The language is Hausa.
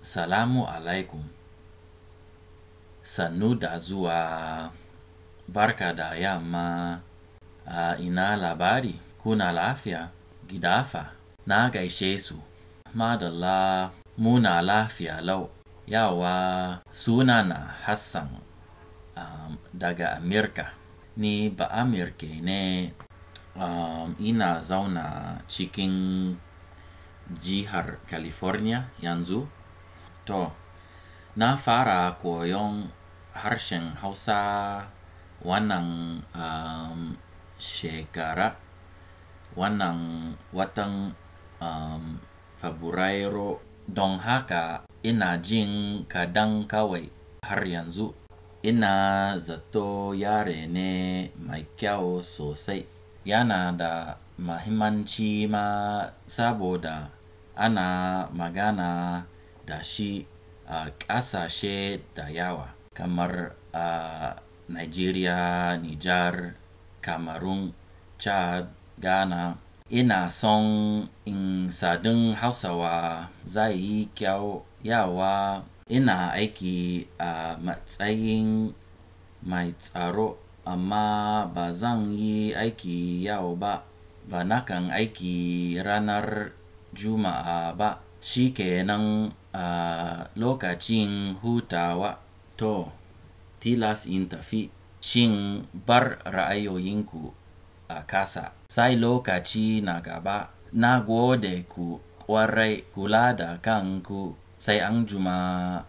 salamu alaikum sannu da zuwa barka da yamma a ina labari kuna lafiya gidafa na gaishe su madalla muna lafiya lau yawa suna na hassan um, daga Amirka. ni ba amirka ne um, ina zauna cikin jihar california yanzu to na fara koyon harshen hausa wannan um, shekara wannan watan um, fabrairu don haka ina jin kadan kawai har yanzu ina zato yare ne mai kyau sosai yana da mahimmanci ma saboda ana magana da shi a ƙasashe da yawa kamar a nigeria nijar cameroon chad ghana ina son in sadin hausawa zai yi kyau yawa ina aiki a matsayin mai tsaro amma ba zan yi aiki yau ba ba na kan aiki ranar juma'a ba shi kenan a lokacin hutawa to tilas in tafi shin bar ra'ayoyinku a kasa sai lokaci na gaba na gode ku kwarai kula da kanku sai an juma